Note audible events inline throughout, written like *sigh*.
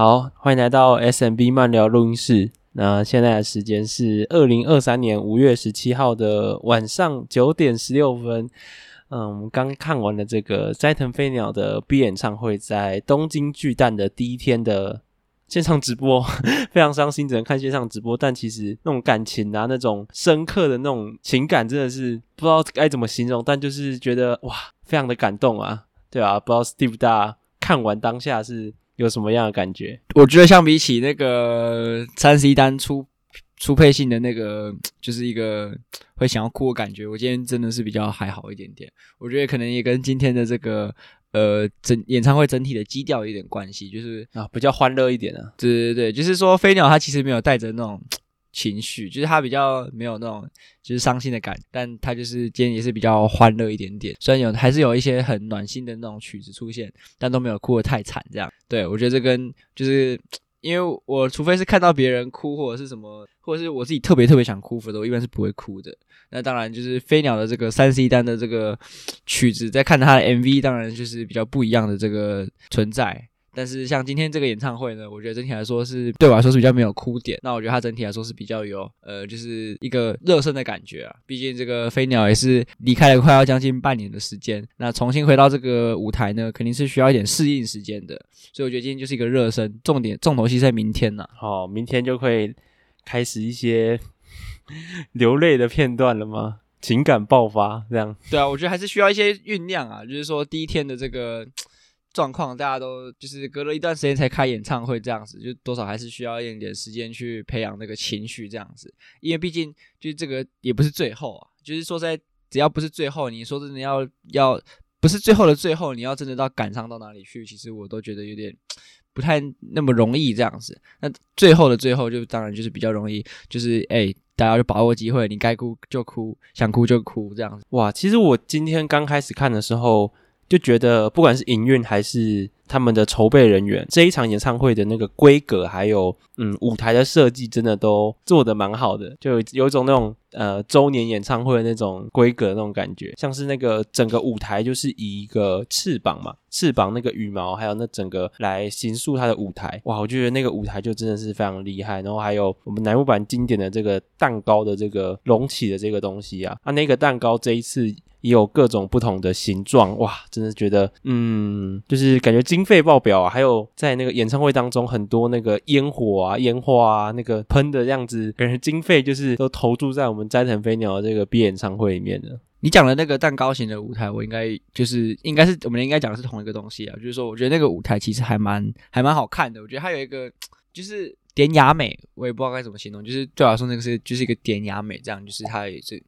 好，歡迎來到 S M B 慢聊錄音室。那現在的時間是二零二三年五月十七號的晚上九點十六分。嗯，我們剛看完了這個齋藤飛鳥的 B 演唱會在東京巨蛋的第一天的現場直播， *laughs* 非常傷心，只能看線上直播。但其實那種感情啊，那種深刻的那種情感，真的是不知道該怎麼形容。但就是覺得哇，非常的感動啊，對啊，不知道 Steve 大看完當下是。有什麼樣的感覺？我覺得相比起那個三十一單出出配信的那個，就是一個會想要哭的感覺。我今天真的是比較還好一點點。我覺得可能也跟今天的這個呃整演唱會整體的基調有一點關係，就是啊比較歡樂一點的，啊。對對對，就是說飛鳥他其實沒有帶着那種。情緒，就是他比較沒有那種就是傷心的感，但他就是今天也是比較歡樂一點點。雖然有還是有一些很暖心的那種曲子出現，但都沒有哭得太慘這樣。對，我覺得這跟就是因為我除非是看到別人哭或者是什麼，或者是我自己特別特別想哭，否則我一般是不會哭的。那當然就是飛鳥的這個三十一單的這個曲子，在看他的 MV，當然就是比較不一樣的這個存在。但是像今天這個演唱會呢，我覺得整體來說是對我來說是比較沒有哭點。那我覺得它整體來說是比較有呃，就是一個熱身的感覺啊。畢竟這個飛鳥也是離開了快要將近半年的時間，那重新回到這個舞台呢，肯定是需要一點適應時間的。所以我覺得今天就是一個熱身，重點，重頭戲在明天呢、啊。好、哦，明天就會開始一些流淚的片段了嗎？情感爆發這樣？對啊，我覺得還是需要一些醞釀啊，就是說第一天的這個。狀況，大家都就是隔了一段時間才開演唱會這樣子，就多少還是需要一點點時間去培養那個情緒這樣子。因為畢竟就是這個也不是最後啊，就是說在只要不是最後，你說真的要要不是最後的最後，你要真的到感傷到哪裡去，其實我都覺得有點不太那麼容易這樣子。那最後的最後，就當然就是比較容易，就是欸，大家就把握機會，你該哭就哭，想哭就哭這樣子。哇，其實我今天剛開始看的時候。就覺得，不管是營運還是，他們的籌備人員這一場演唱會的那個規格，還有嗯舞台的設計，真的都做得蠻好的，就有一種那種呃周年演唱會的那種規格的那種感覺，像是那個整個舞台就是以一個翅膀嘛，翅膀那個羽毛，還有那整個來形塑它的舞台，哇，我覺得那個舞台就真的是非常厲害。然後還有我們乃木坂經典的這個蛋糕的這個隆起的這個東西啊，啊那個蛋糕這一次也有各種不同的形狀，哇，真的覺得嗯就是感覺今經費爆表啊！還有在那個演唱會當中，很多那個煙火啊、煙花啊、那個噴的這樣子，感覺經費就是都投注在我們齋藤飛鳥的這個畢業演唱會裡面的。你講的那個蛋糕型的舞台，我應該就是應該是我們應該講的是同一個東西啊，就是說我覺得那個舞台其實還蠻還蠻好看的。我覺得它有一個就是典雅美，我也不知道該怎麼形容，就是最好、啊、說那個是就是一個典雅美，這樣就是它也是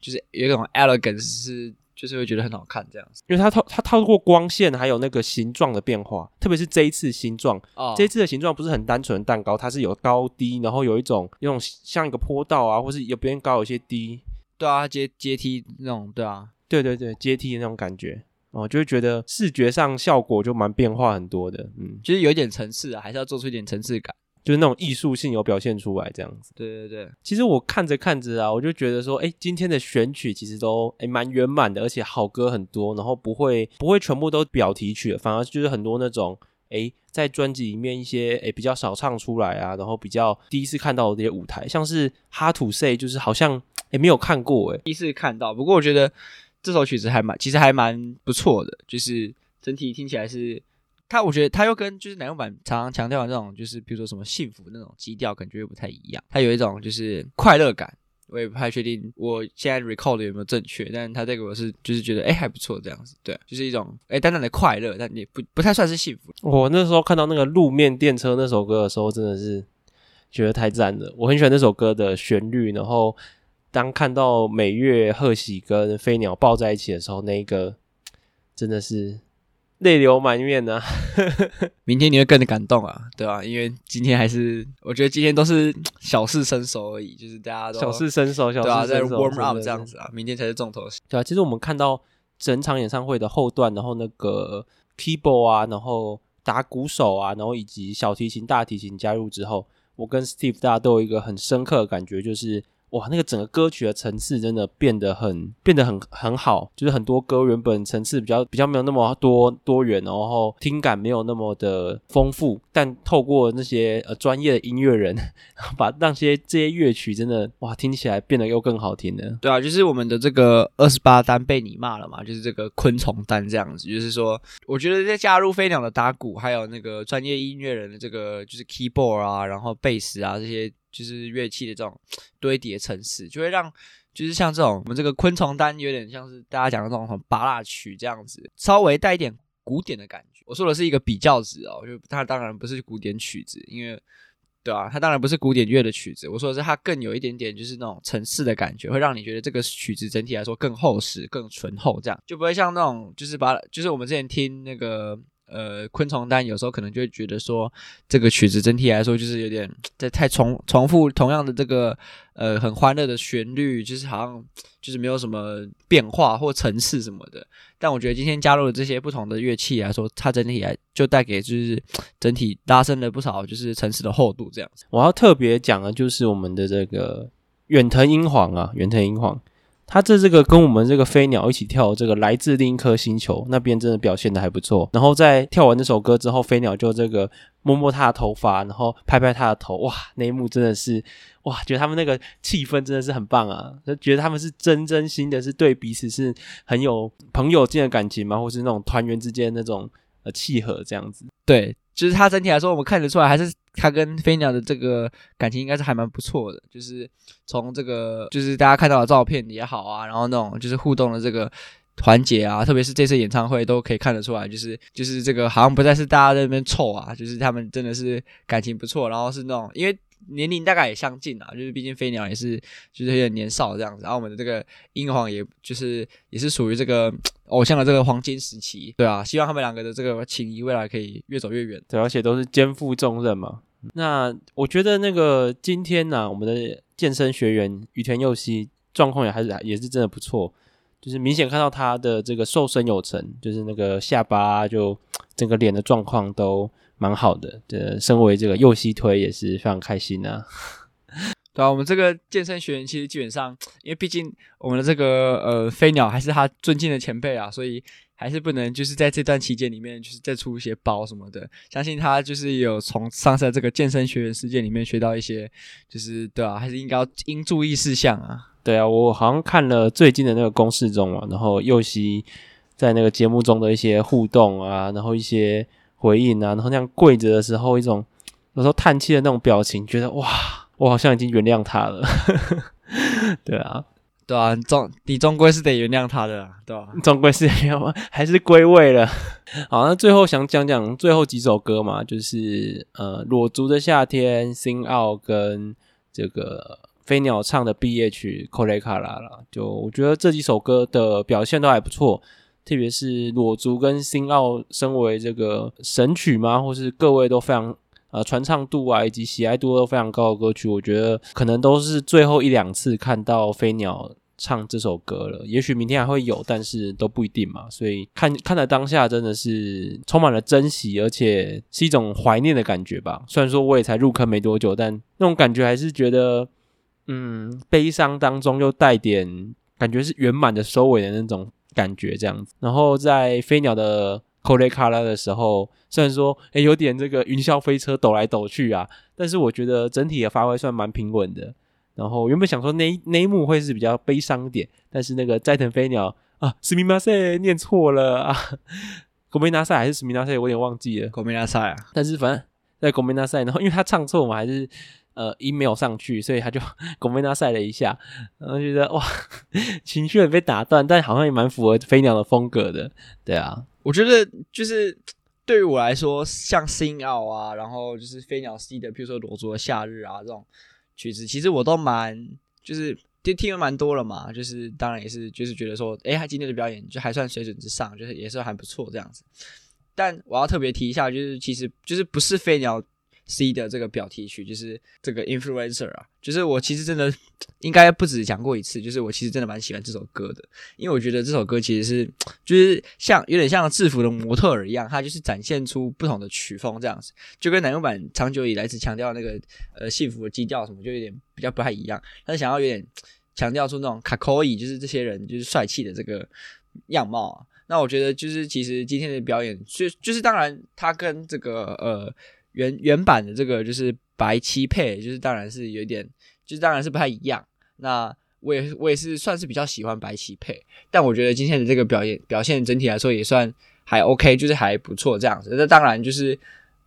就是有一種 elegance 是。就是會覺得很好看這樣子，因為它透它，它透過光線，還有那個形狀的變化，特別是這一次形狀，哦，這一次的形狀不是很單純的蛋糕，它是有高低，然後有一種那種像一個坡道啊，或是有邊高有些低，對啊，階階梯那種，對啊，對對對，階梯的那種感覺，哦，就會覺得視覺上效果就蠻變化很多的，嗯，其實有一點層次啊，還是要做出一點層次感。就是那種藝術性有表現出來這樣子。對對對，其實我看着看着啊，我就覺得說，哎、欸，今天的選曲其實都哎蠻圓滿的，而且好歌很多，然後不會不會全部都表題曲，反而就是很多那種哎、欸、在專輯裡面一些哎、欸、比較少唱出來啊，然後比較第一次看到的那些舞台，像是 Hard to say 就是好像也、欸、沒有看過哎、欸，第一次看到。不過我覺得這首曲子還蠻其實還蠻不錯的，就是整體聽起來是。他我覺得他又跟就是奶油版常常強調的那種，就是比如說什麼幸福那種基調，感覺又不太一樣。他有一種就是快樂感，我也不太確定我現在 recall 的有沒有正確，但是他這個我是就是覺得哎還不錯這樣子，對，就是一種哎淡淡的快樂，但也不不太算是幸福。我那時候看到那個路面電車那首歌的時候，真的是覺得太讚了。我很喜歡那首歌的旋律，然後當看到美月賀喜跟飛鳥抱在一起的時候，那一個真的是。淚流滿面呢、啊， *laughs* 明天你會更的感動啊，對吧、啊？因為今天還是我覺得今天都是小試身手而已，就是大家都小試身手，小試身手，對、啊、在 warm up *laughs* 這樣子啊，明天才是重頭戲 *laughs* 。對啊，其實我們看到整場演唱會的後段，然後那個 keyboard 啊，然後打鼓手啊，然後以及小提琴、大提琴加入之後，我跟 Steve 大家都有一個很深刻的感覺，就是。哇，那個整個歌曲的層次真的變得很變得很很好，就是很多歌原本層次比較比較沒有那麼多多元，然後聽感沒有那麼的豐富。但透過那些呃專業的音樂人，把那些這些樂曲真的哇聽起來變得又更好聽呢。對啊，就是我們的這個二十八單被你罵了嘛，就是這個昆蟲單這樣子。就是說，我覺得在加入飛鳥的打鼓，還有那個專業音樂人的這個就是 keyboard 啊，然後貝斯啊這些。就是樂器的這種堆疊層次，就會讓就是像這種我們這個昆蟲單有點像是大家講的這種很麼芭樂曲這樣子，稍微帶一點古典的感覺。我說的是一個比較值哦，就它當然不是古典曲子，因為對啊，它當然不是古典樂的曲子。我說的是它更有一點點就是那種層次的感覺，會讓你覺得這個曲子整體來說更厚實、更醇厚，這樣就不會像那種就是把就是我們之前聽那個。呃，昆蟲單有時候可能就會覺得說，這個曲子整體來說就是有點在太重重複同樣的這個呃很歡樂的旋律，就是好像就是沒有什麼變化或層次什麼的。但我覺得今天加入了這些不同的樂器來說，它整體來就帶給就是整體拉升了不少就是層次的厚度這樣子。我要特別講的就是我們的這個遠藤英皇啊，遠藤英皇。他這這個跟我們這個飛鳥一起跳的這個來自另一顆星球那邊真的表現的還不錯，然後在跳完這首歌之後，飛鳥就這個摸摸他的頭髮，然後拍拍他的頭，哇，那一幕真的是，哇，覺得他們那個氣氛真的是很棒啊，就覺得他們是真真心的是對彼此是很有朋友間的感情嘛，或是那種團員之間那種呃契合這樣子，對，就是他整體來說，我們看得出來還是。他跟飛鳥的這個感情應該是還蠻不錯的，就是從這個就是大家看到的照片也好啊，然後那種就是互動的這個環節啊，特別是這次演唱會都可以看得出來，就是就是這個好像不再是大家在那邊湊啊，就是他們真的是感情不錯，然後是那種因為年齡大概也相近啊，就是畢竟飛鳥也是就是有點年少這樣子，然後我們的這個英皇也就是也是屬於這個偶像的這個黃金時期，對啊，希望他們兩個的這個情誼未來可以越走越遠，對，而且都是肩負重任嘛。那我覺得那個今天呢，啊，我們的健身學員與田祐希狀況也還是也是真的不錯，就是明顯看到他的這個瘦身有成，就是那個下巴就整個臉的狀況都蠻好的。這身為這個祐希推也是非常開心啊。啊，我們這個健身學員其實基本上，因為畢竟我們的這個呃飛鳥還是他尊敬的前輩啊，所以還是不能就是在這段期間裡面就是再出一些包什麼的。相信他就是有從上次的這個健身學員事件裡面學到一些，就是對啊，還是應該要應注意事項啊。對啊，我好像看了最近的那個工事中啊，然後祐希在那個節目中的一些互動啊，然後一些回應啊，然後那樣跪着的時候一種有時候嘆氣的那種表情，覺得哇。我好像已經原諒他了， *laughs* 對啊，對啊，中你終歸是得原諒他的啦，對啊，終歸是原諒，還是歸位了。好，那最後想講講最後幾首歌嘛，就是呃，裸足的夏天、Sing Out 跟這個飛鳥唱的畢業曲《Colicara》啦。就我覺得這幾首歌的表現都還不錯，特別是裸足跟 Sing Out，身為這個神曲嘛，或是各位都非常。呃，傳唱度啊，以及喜愛度都非常高的歌曲，我覺得可能都是最後一兩次看到飛鳥唱這首歌了。也許明天還會有，但是都不一定嘛。所以看，看了當下，真的是充滿了珍惜，而且是一種懷念的感覺吧。雖然說我也才入坑沒多久，但那種感覺還是覺得，嗯，悲傷當中又帶點感覺是圓滿的收尾的那種感覺，這樣子。然後在飛鳥的。考雷卡拉的時候，雖然說，誒、欸、有點這個雲霄飛車抖來抖去啊，但是我覺得整體的發揮算蠻平穩的。然後原本想說那那一幕會是比較悲傷點，但是那個齋藤飛鳥啊，史密納賽念錯了啊，國美納賽還是史密納賽，我有點忘記了國美納賽啊。但是反正在國美納賽，然後因為他唱錯，我們還是呃音沒有上去，所以他就國美納賽了一下。然後覺得哇，情緒也被打斷，但好像也蠻符合飛鳥的風格的。對啊。我覺得就是對於我來說，像 Sing Out 啊，然後就是飛鳥 C 的，比如說羅卓的《夏日》啊這種曲子，其實我都蠻就是聽了蠻多了嘛。就是當然也是就是覺得說，誒，他今天的表演就還算水準之上，就是也是還不錯這樣子。但我要特別提一下，就是其實就是不是飛鳥。C 的這個表題曲就是這個 Influencer 啊，就是我其實真的應該不止講過一次，就是我其實真的蠻喜歡這首歌的，因為我覺得這首歌其實是就是像有點像制服的模特兒一樣，它就是展現出不同的曲風這樣子，就跟男用版長久以來只強調那個呃幸福的基調什麼，就有點比較不太一樣。但是想要有點強調出那種卡扣椅，就是這些人就是帥氣的這個樣貌啊，那我覺得就是其實今天的表演，就是、就是當然他跟這個呃。原原版的這個就是白漆配，就是當然是有點，就是當然是不太一樣。那我也我也是算是比較喜歡白漆配，但我覺得今天的這個表演表現整體來說也算還 OK，就是還不錯這樣子。那當然就是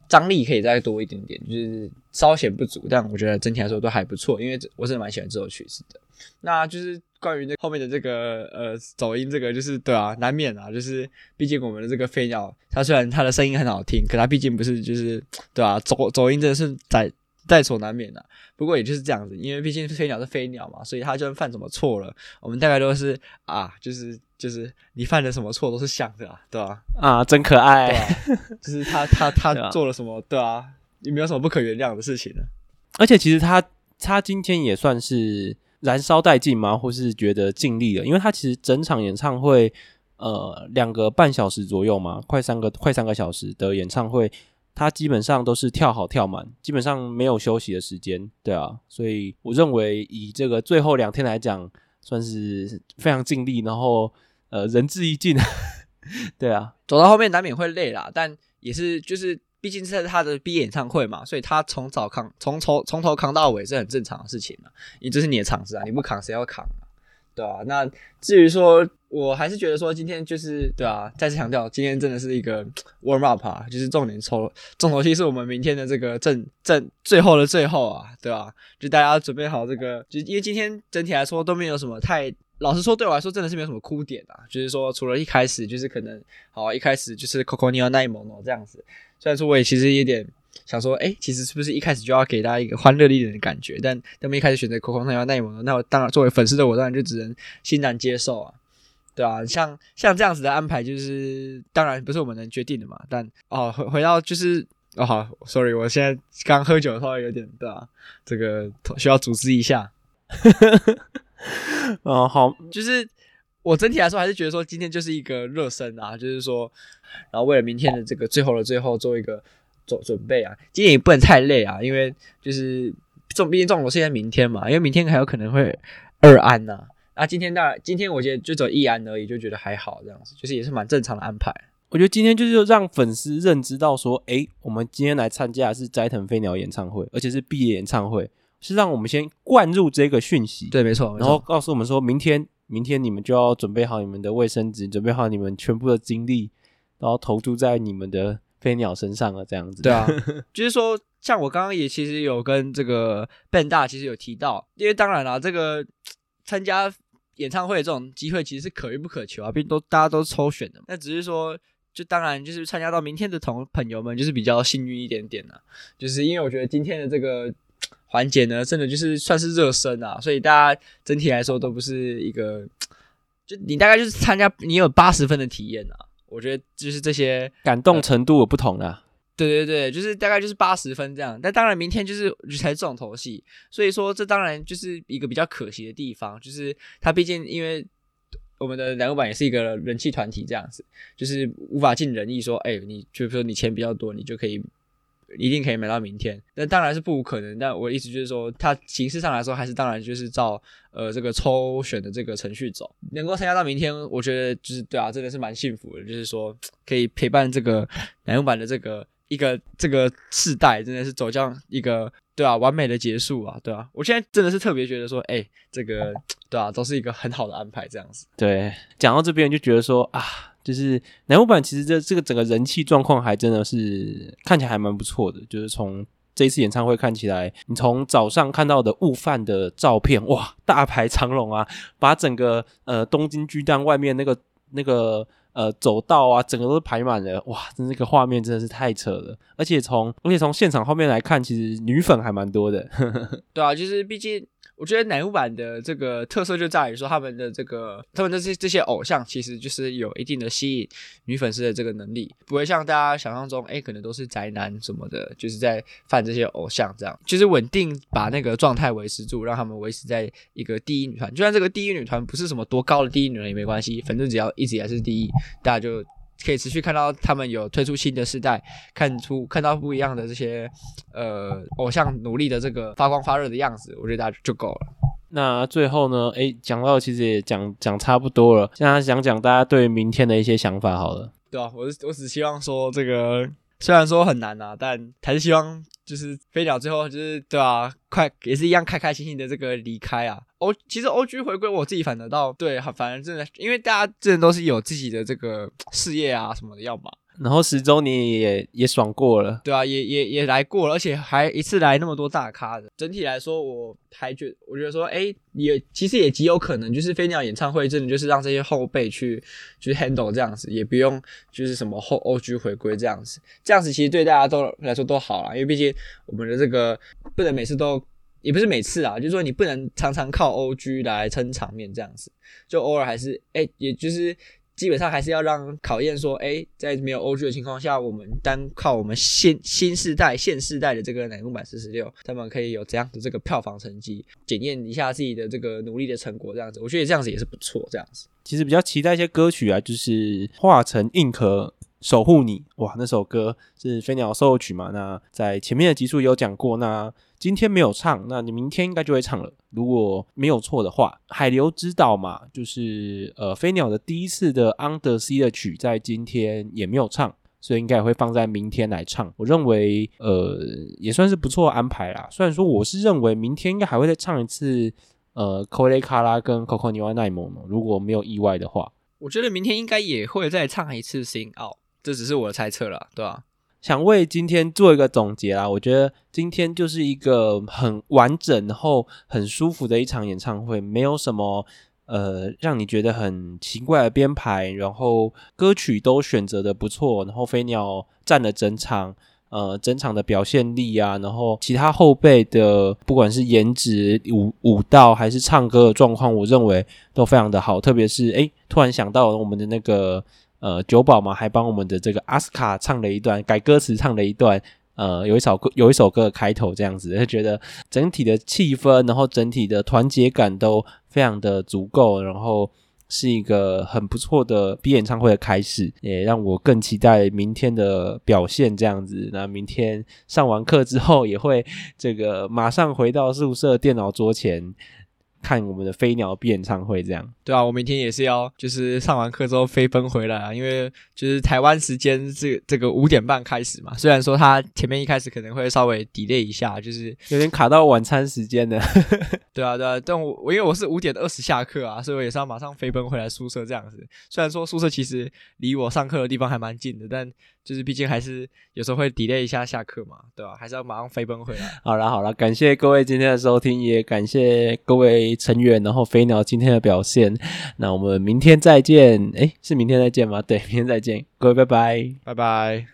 張力可以再多一點點，就是稍嫌不足。但我覺得整體來說都還不錯，因為我是蠻喜歡這首曲子的。那就是。關於那個後面的這個呃，走音，這個就是對啊，難免啊，就是畢竟我們的這個飛鳥，它雖然它的聲音很好聽，可它畢竟不是，就是對啊，走走音真的是在在所難免的、啊。不過也就是這樣子，因為畢竟飛鳥是飛鳥嘛，所以它就算犯什麼錯了，我們大概都是啊，就是就是你犯了什麼錯都是想的、啊，對啊啊，真可愛，啊、就是他他他，他做了什麼？對啊，有沒有什麼不可原諒的事情呢？而且其實他他今天也算是。燃燒殆盡嗎？或是覺得盡力了？因為他其實整場演唱會，呃，兩個半小時左右嘛，快三個快三個小時的演唱會，他基本上都是跳好跳滿，基本上沒有休息的時間，對啊，所以我認為以這個最後兩天來講，算是非常盡力，然後呃，仁至義盡， *laughs* 對啊，走到後面難免會累啦，但也是就是。畢竟這是他的畢業演唱會嘛，所以他從早扛，從頭從頭扛到尾是很正常的事情嘛。你這是你的場子啊，你不扛誰要扛啊？對啊。那至於說，我還是覺得說今天就是對啊，再次強調，今天真的是一個 warm up 啊，就是重點抽了重頭戲是我們明天的這個正正最後的最後啊，對啊，就大家準備好這個，就因為今天整體來說都沒有什麼太，老實說對我來說真的是沒有什麼哭點啊，就是說除了一開始就是可能，哦、啊，一開始就是 Coco n 妮奧奈萌諾這樣子。雖然說我也其實有點想說，哎、欸，其實是不是一開始就要給大家一個歡樂一點的感覺？但他們一開始選擇《ここにはないもの》，那我當然作為粉絲的我當然就只能欣然接受啊，對啊，像像這樣子的安排就是當然不是我們能決定的嘛。但哦，回回到就是哦，好，sorry，我現在剛喝酒，的話有點對啊，這個需要組織一下。哦、 *laughs* 嗯，好，就是。我整體來說還是覺得說今天就是一個熱身啊，就是說，然後為了明天的這個最後的最後做一個做準備啊，今天也不能太累啊，因為就是重，畢竟重頭戲在明天嘛，因為明天還有可能會二安吶、啊，那、啊、今天大今天我覺得就走一安而已，就覺得還好這樣子，就是也是蠻正常的安排。我覺得今天就是讓粉絲認知到說，誒，我們今天來參加的是齋藤飛鳥演唱會，而且是畢業演唱會，是讓我們先灌入這個訊息。對，沒錯，然後告訴我們說明天，明天你們就要準備好你們的衛生紙，準備好你們全部的精力，然後投注在你們的飛鳥身上了，這樣子。對啊，就是說，像我剛剛也其實有跟這個 Ben 大其實有提到，因為當然了、啊，這個參加演唱會的這種機會其實是可遇不可求啊，畢竟都大家都抽選的。那只是說，就當然就是參加到明天的同朋友們就是比較幸運一點點啦、啊、就是因為我覺得今天的這個。環節呢，真的就是算是熱身啊，所以大家整體來說都不是一個，就你大概就是參加，你有八十分的體驗啊，我覺得就是這些感動程度有不同啊、呃。對對對，就是大概就是八十分這樣，但當然明天就是才是重頭戲，所以說這當然就是一個比較可惜的地方，就是它畢竟因為我們的乃木坂也是一個人氣團體這樣子，就是無法盡人意說，哎，你就是、說你錢比較多，你就可以。一定可以買到明天，但當然是不可能。但我的意思就是說，它形式上來說，還是當然就是照呃這個抽選的這個程序走。能夠參加到明天，我覺得就是對啊，真的是蠻幸福的。就是說可以陪伴這個乃木坂的這個一個這個世代，真的是走向一個對啊完美的結束啊，對啊。我現在真的是特別覺得說，哎、欸，這個對啊都是一個很好的安排這樣子。對，講到這邊就覺得說啊。就是乃木坂，其實這這個整個人氣狀況還真的是看起來還蠻不錯的。就是從這一次演唱會看起來，你從早上看到的物販的照片，哇，大排長龍啊，把整個呃東京巨蛋外面那個那個呃走道啊，整個都排滿了，哇，真的那個畫面真的是太扯了。而且從而且從現場後面來看，其實女粉還蠻多的呵呵。對啊，就是畢竟。我覺得乃木坂的這個特色就在於說，他們的這個他們的這這些偶像其實就是有一定的吸引女粉絲的這個能力，不會像大家想象中，哎，可能都是宅男什麼的，就是在犯這些偶像這樣，就是穩定把那個狀態維持住，讓他們維持在一個第一女團，就算這個第一女團不是什麼多高的第一女團也沒關係，反正只要一直還是第一，大家就。可以持續看到他們有推出新的世代，看出看到不一樣的這些呃偶像努力的這個發光發熱的樣子，我覺得大家就就夠了。那最後呢？誒、欸，講到其實也講講差不多了，現在講講大家對明天的一些想法好了。對啊，我只我只希望說這個。雖然說很難吶、啊，但還是希望就是飛鳥最後就是對啊，快也是一樣開開心心的這個離開啊。歐，其實 OG 回歸我自己反得到對，反正真的因為大家真的都是有自己的這個事業啊什麼的要忙。然後十週年也也爽過了，對啊，也也也來過了，而且還一次來那麼多大咖的。整體來說，我還覺得我覺得說，哎、欸，也其實也極有可能就是飛鳥演唱會真的就是讓這些後輩去去 handle 這樣子，也不用就是什麼後 OG 回歸這樣子，這樣子其實對大家都來說都好啦，因為畢竟我們的這個不能每次都也不是每次啦，就是說你不能常常靠 OG 來撐場面這樣子，就偶爾還是哎、欸，也就是。基本上還是要讓考驗說，哎、欸，在沒有歐 g 的情況下，我們單靠我們現新,新世代、現世代的這個奶龍版四十六，他們可以有這樣的這個票房成績，檢驗一下自己的這個努力的成果，這樣子，我覺得這樣子也是不錯。這樣子，其實比較期待一些歌曲啊，就是化成硬殼。守護你，哇，那首歌是飛鳥的 solo 曲嘛？那在前面的集數也有講過，那今天沒有唱，那你明天應該就會唱了，如果沒有錯的話。海流之島嘛，就是呃飛鳥的第一次的 undersea 的曲，在今天也沒有唱，所以應該也會放在明天來唱。我認為呃也算是不錯安排啦。雖然說我是認為明天應該還會再唱一次呃 Coley 卡拉，跟 Coco Newyama 內蒙，如果沒有意外的話，我覺得明天應該也會再唱一次 sing out。這只是我的猜測了，對吧、啊？想為今天做一個總結啦，我覺得今天就是一個很完整然後很舒服的一場演唱會，沒有什麼呃讓你覺得很奇怪的編排，然後歌曲都選擇的不錯，然後飛鳥佔了整場呃整場的表現力啊，然後其他後輩的不管是顏值、舞舞蹈還是唱歌的狀況，我認為都非常的好，特別是哎，突然想到我們的那個。呃，久保嘛，還幫我們的這個阿斯卡唱了一段改歌詞，唱了一段，呃，有一首歌，有一首歌的開頭這樣子，就覺得整體的氣氛，然後整體的團結感都非常的足夠，然後是一個很不錯的畢業演唱會的開始，也讓我更期待明天的表現這樣子。那明天上完課之後，也會這個馬上回到宿舍電腦桌前。看我們的飛鳥畢演唱會這樣，對啊，我明天也是要，就是上完課之後飛奔回來啊，因為就是台灣時間這這個五點半開始嘛，雖然說它前面一開始可能會稍微 delay 一下，就是有點卡到晚餐時間的， *laughs* 對啊對啊，但我我因為我是五點二十下課啊，所以我也是要馬上飛奔回來宿舍這樣子，雖然說宿舍其實離我上課的地方還蠻近的，但。就是畢竟還是有時候會 delay 一下下課嘛，對吧，啊？還是要馬上飛奔回來。好啦好啦，感謝各位今天的收聽，也感謝各位成員，然後飛鳥今天的表現。那我們明天再見，哎，是明天再見嗎？對，明天再見，各位拜拜，拜拜。